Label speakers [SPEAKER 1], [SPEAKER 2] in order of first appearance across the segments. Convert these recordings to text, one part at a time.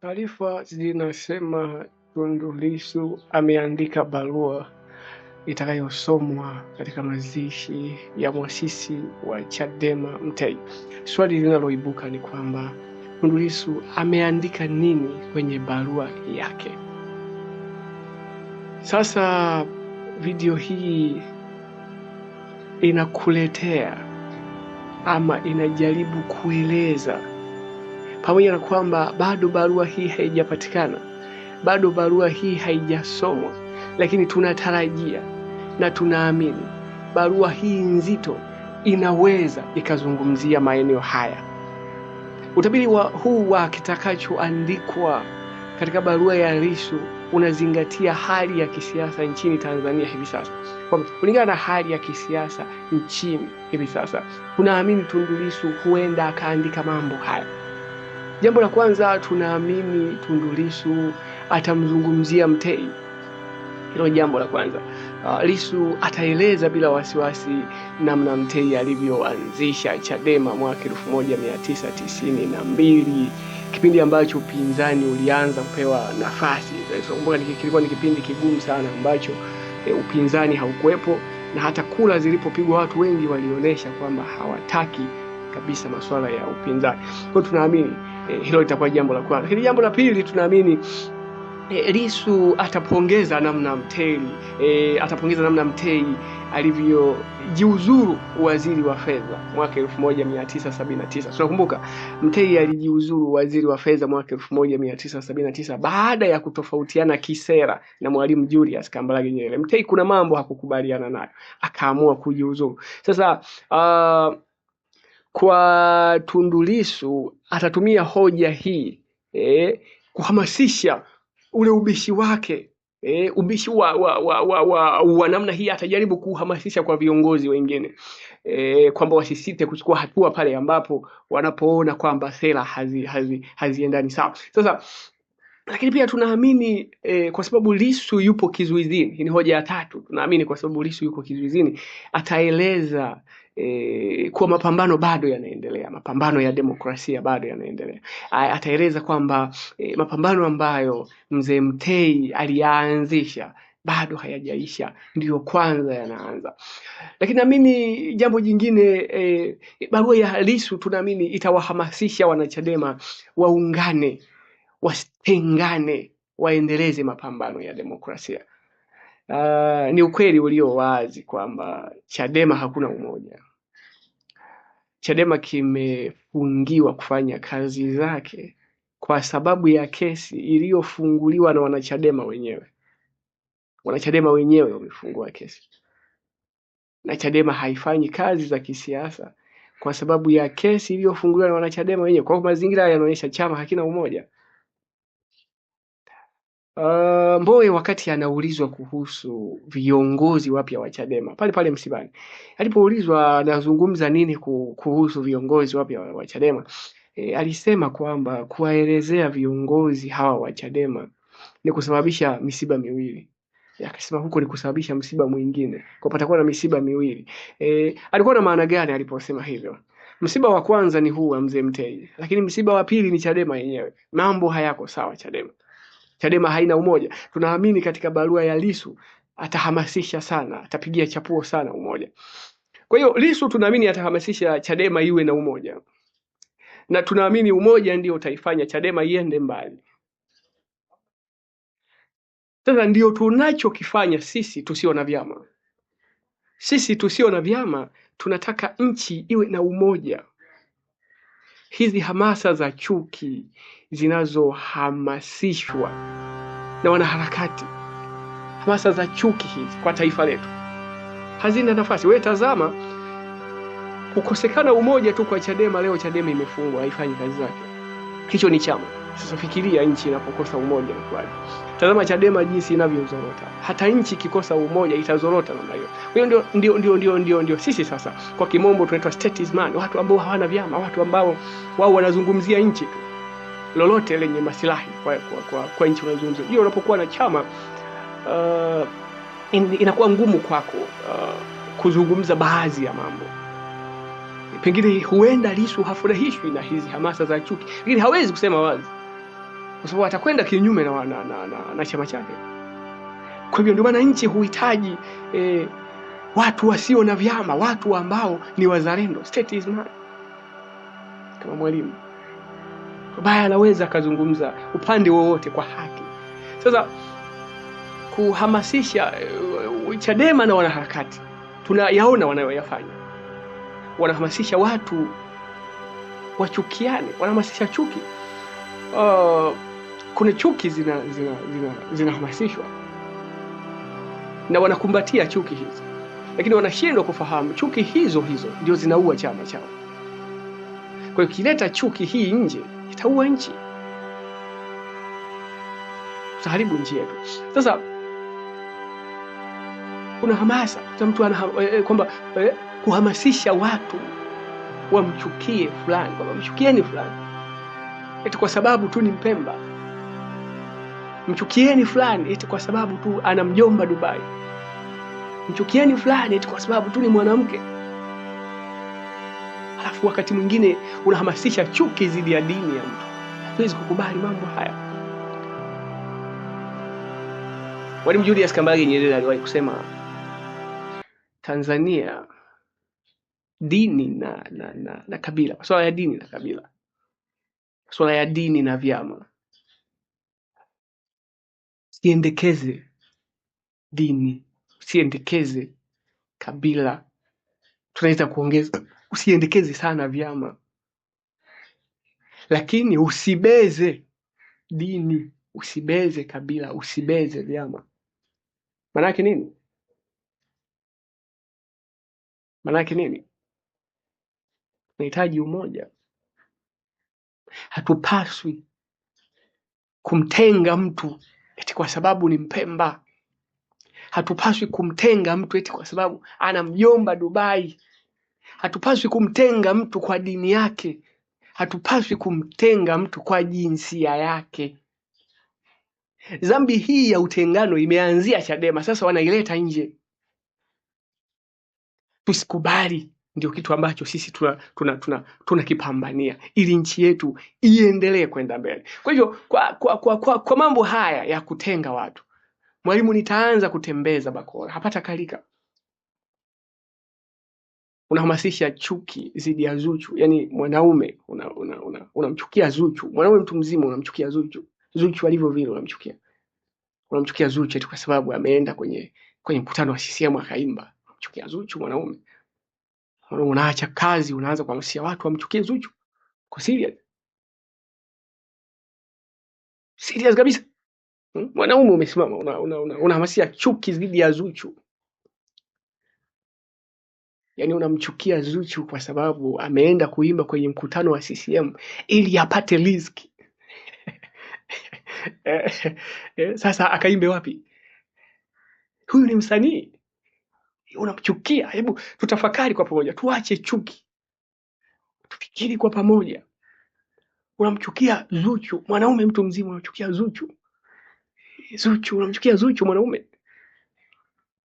[SPEAKER 1] Taarifa zinasema Tundu Lissu ameandika barua itakayosomwa katika mazishi ya mwasisi wa Chadema Mtei. Swali linaloibuka ni kwamba Tundu Lissu ameandika nini kwenye barua yake? Sasa video hii inakuletea ama inajaribu kueleza pamoja na kwamba bado barua hii haijapatikana, bado barua hii haijasomwa, lakini tunatarajia na tunaamini barua hii nzito inaweza ikazungumzia maeneo haya. Utabiri wa huu wa kitakachoandikwa katika barua ya Lissu unazingatia hali ya kisiasa nchini Tanzania hivi sasa. Kulingana na hali ya kisiasa nchini hivi sasa, tunaamini Tundu Lissu huenda akaandika mambo haya. Jambo la kwanza, tunaamini Tundu Lissu atamzungumzia Mtei. Hilo jambo la kwanza. Uh, Lissu ataeleza bila wasiwasi namna Mtei alivyoanzisha Chadema mwaka 1992 kipindi ambacho upinzani ulianza kupewa nafasi. Kumbuka kilikuwa ni kipindi kigumu sana ambacho e, upinzani haukuwepo na hata kula zilipopigwa watu wengi walionyesha kwamba hawataki kabisa masuala ya upinzani. Kwa tunaamini eh, hilo litakuwa jambo la kwanza. Lakini jambo la pili tunaamini E, eh, Lissu atapongeza namna Mtei e, eh, atapongeza namna Mtei alivyojiuzuru waziri wa fedha mwaka 1979. Tunakumbuka Mtei alijiuzuru waziri wa fedha mwaka 1979 baada ya kutofautiana kisera na Mwalimu Julius Kambarage Nyerere. Mtei kuna mambo hakukubaliana nayo, akaamua kujiuzuru. Sasa uh, kwa tundulisu atatumia hoja hii eh, kuhamasisha ule ubishi wake eh, ubishi wa, wa, wa, wa, wa, wa namna hii atajaribu kuhamasisha kwa viongozi wengine eh, kwamba wasisite kuchukua hatua pale ambapo wanapoona kwamba sera haziendani hazi, hazi sawa. Sasa lakini pia tunaamini eh, kwa sababu lisu yupo kizuizini. Ni hoja ya tatu. Tunaamini kwa sababu lisu yuko kizuizini ataeleza eh, kuwa mapambano bado yanaendelea, mapambano ya demokrasia bado yanaendelea. Ataeleza kwamba eh, mapambano ambayo mzee Mtei aliyaanzisha bado hayajaisha, ndiyo kwanza yanaanza. Lakini naamini jambo jingine eh, barua ya lisu tunaamini itawahamasisha wanachadema waungane wasitengane, waendeleze mapambano ya demokrasia. Uh, ni ukweli ulio wazi kwamba Chadema hakuna umoja. Chadema kimefungiwa kufanya kazi zake kwa sababu ya kesi iliyofunguliwa na wanachadema wenyewe. Wanachadema wenyewe wamefungua kesi, na Chadema haifanyi kazi za kisiasa kwa sababu ya kesi iliyofunguliwa na wanachadema wenyewe. Kwa mazingira yanaonyesha chama hakina umoja. Uh, Mbowe wakati anaulizwa kuhusu viongozi wapya wa Chadema pale pale msibani, alipoulizwa anazungumza nini kuhusu viongozi wapya wa Chadema e, alisema kwamba kuwaelezea viongozi hawa wa Chadema ni kusababisha misiba miwili. Akasema huko ni kusababisha msiba mwingine, kwa patakuwa na misiba miwili. E, alikuwa na maana gani aliposema hivyo? Msiba wa kwanza ni huu wa mzee Mtei, lakini msiba wa pili ni Chadema yenyewe. Mambo hayako sawa Chadema. Chadema haina umoja. Tunaamini katika barua ya Lisu atahamasisha sana, atapigia chapuo sana umoja. Kwa hiyo Lisu tunaamini atahamasisha Chadema iwe na umoja, na tunaamini umoja ndio utaifanya Chadema iende mbali. Sasa ndio tunachokifanya sisi tusio na vyama. Sisi tusio na vyama tunataka nchi iwe na umoja hizi hamasa za chuki zinazohamasishwa na wanaharakati, hamasa za chuki hizi kwa taifa letu hazina nafasi. Wewe tazama, kukosekana umoja tu kwa Chadema leo Chadema imefungwa, haifanyi kazi zake. Hicho ni chama Usifikiria nchi inapokosa umoja kwani. Tazama Chadema jinsi inavyozorota, hata nchi ikikosa umoja itazorota namna hiyo. Kwa hiyo ndio, ndio, ndio, ndio, ndio, ndio sisi sasa, kwa kimombo tunaitwa statesman, watu ambao hawana vyama, watu ambao wao wanazungumzia nchi tu, lolote lenye maslahi kwa, kwa, kwa, kwa nchi wanazungumzia. Hiyo unapokuwa na chama uh, in, inakuwa ngumu kwako uh, kuzungumza baadhi ya mambo pengine huenda Lissu hafurahishwi na hizi hamasa za chuki, lakini hawezi kusema wazi kwa sababu atakwenda kinyume na, na, na, na, na chama chake. Kwa hivyo ndio maana nchi huhitaji eh, watu wasio na vyama, watu ambao ni wazalendo. State is man. Kama Mwalimu baya anaweza akazungumza upande wowote kwa haki. Sasa kuhamasisha e, Chadema na wanaharakati, tunayaona wanayoyafanya, wanahamasisha watu wachukiane, wanahamasisha chuki. Uh, kuna chuki zinahamasishwa zina, zina, zina na wanakumbatia chuki hizo, lakini wanashindwa kufahamu chuki hizo hizo ndio zinaua chama chao. Kwa hiyo kileta chuki hii nje itaua nchi, tutaharibu nchi yetu. Sasa kuna hamasa mtu eh, eh, kwamba eh, kuhamasisha watu wamchukie fulani, kwamba mchukieni fulani eti kwa sababu tu ni Mpemba mchukieni fulani eti kwa sababu tu ana mjomba Dubai, mchukieni fulani eti kwa sababu tu ni mwanamke. Halafu wakati mwingine unahamasisha chuki dhidi ya dini ya mtu. Hatuwezi kukubali mambo haya. Mwalimu Julius Kambarage Nyerere aliwahi kusema Tanzania dini na, na, na, na kabila, swala ya dini na kabila, masuala ya dini na vyama siendekeze dini, usiendekeze kabila, tunaweza kuongeza usiendekeze sana vyama, lakini usibeze dini, usibeze kabila, usibeze vyama. maanaake nini? Maanake nini? unahitaji umoja. Hatupaswi kumtenga mtu eti kwa sababu ni Mpemba. Hatupaswi kumtenga mtu eti kwa sababu ana mjomba Dubai. Hatupaswi kumtenga mtu kwa dini yake. Hatupaswi kumtenga mtu kwa jinsia yake. Dhambi hii ya utengano imeanzia Chadema, sasa wanaileta nje. Tusikubali ndio kitu ambacho sisi tunakipambania tuna, tuna, tuna ili nchi yetu iendelee kwenda mbele. Kwa hivyo kwa, kwa, kwa, kwa, kwa mambo haya ya kutenga watu, mwalimu, nitaanza kutembeza bakora hapata kalika unahamasisha chuki dhidi ya Zuchu. Yani mwanaume unamchukia una, una, una Zuchu, mwanaume mtu mzima unamchukia Zuchu. Zuchu alivyo vile unamchukia, unamchukia Zuchu eti kwa sababu ameenda kwenye kwenye mkutano wa CCM akaimba. Unamchukia Zuchu mwanaume unaacha kazi, unaanza kuhamasisha watu wamchukie Zuchu. kwa serious? Serious kabisa. Hmm? Mwanaume umesimama unahamasisha una, una, una chuki dhidi ya Zuchu, yaani unamchukia Zuchu kwa sababu ameenda kuimba kwenye mkutano wa CCM ili apate riziki. Eh, eh, sasa akaimbe wapi? Huyu ni msanii unamchukia. Hebu tutafakari kwa pamoja, tuache chuki, tufikiri kwa pamoja. Unamchukia Zuchu mwanaume, mtu mzima unamchukia Zuchu, Zuchu unamchukia Zuchu mwanaume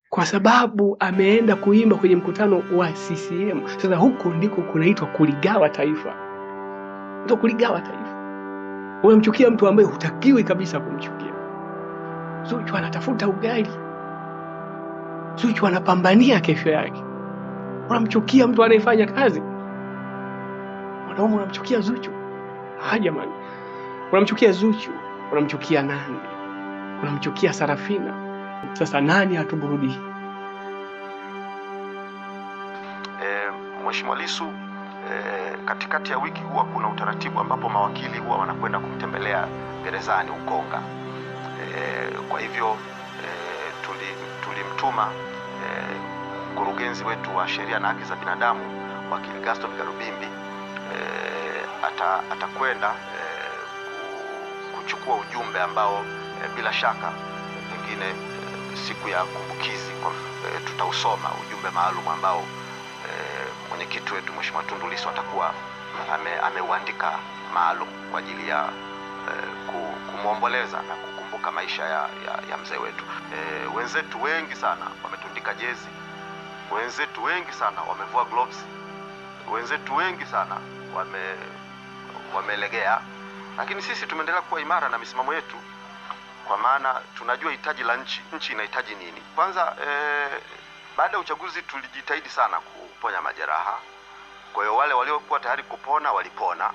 [SPEAKER 1] kwa sababu ameenda kuimba kwenye mkutano wa CCM. Sasa huko ndiko kunaitwa kuligawa taifa, ndio kuligawa taifa. Unamchukia mtu ambaye hutakiwi kabisa kumchukia. Zuchu anatafuta ugali. Zuchu anapambania kesho yake. Unamchukia mtu anayefanya kazi, mwanaume unamchukia Zuchu? Ah jamani, unamchukia Zuchu, unamchukia nani? Unamchukia Sarafina. Sasa nani atuburudi?
[SPEAKER 2] Eh, Mheshimiwa Lisu, eh, katikati ya wiki huwa kuna utaratibu ambapo mawakili huwa wanakwenda kumtembelea gerezani Ukonga. Eh, kwa hivyo eh, tulimtuma tuli eh, mkurugenzi wetu wa sheria na haki za binadamu wakili Gaston Garubimbi eh, atakwenda eh, kuchukua ujumbe ambao eh, bila shaka pengine eh, siku ya kumbukizi eh, tutausoma ujumbe maalum ambao eh, mwenyekiti wetu Mheshimiwa Tundu Lissu atakuwa ameuandika ame maalum kwa ajili ya kumwomboleza na kukumbuka maisha ya, ya, ya mzee wetu. Eh, wenzetu wengi sana wametundika jezi, wenzetu wengi sana wamevua gloves, wenzetu wengi sana wame wamelegea, lakini sisi tumeendelea kuwa imara na misimamo yetu, kwa maana tunajua hitaji la nchi, nchi inahitaji nini. Kwanza e, baada ya uchaguzi tulijitahidi sana kuponya majeraha. Kwa hiyo wale waliokuwa tayari kupona walipona.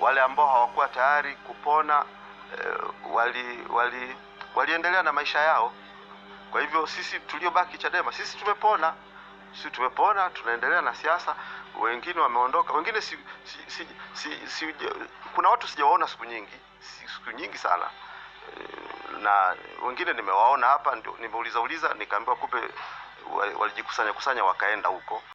[SPEAKER 2] Wale ambao hawakuwa tayari kupona eh, wali wali waliendelea na maisha yao. Kwa hivyo sisi tuliobaki Chadema, sisi tumepona, sisi tumepona, tunaendelea na siasa. Wengine wameondoka, wengine si, si, si, si, si, kuna watu sijawaona siku nyingi, siku nyingi sana eh, na wengine nimewaona hapa, ndio nimeuliza uliza, nikaambiwa kumbe walijikusanya kusanya wakaenda huko.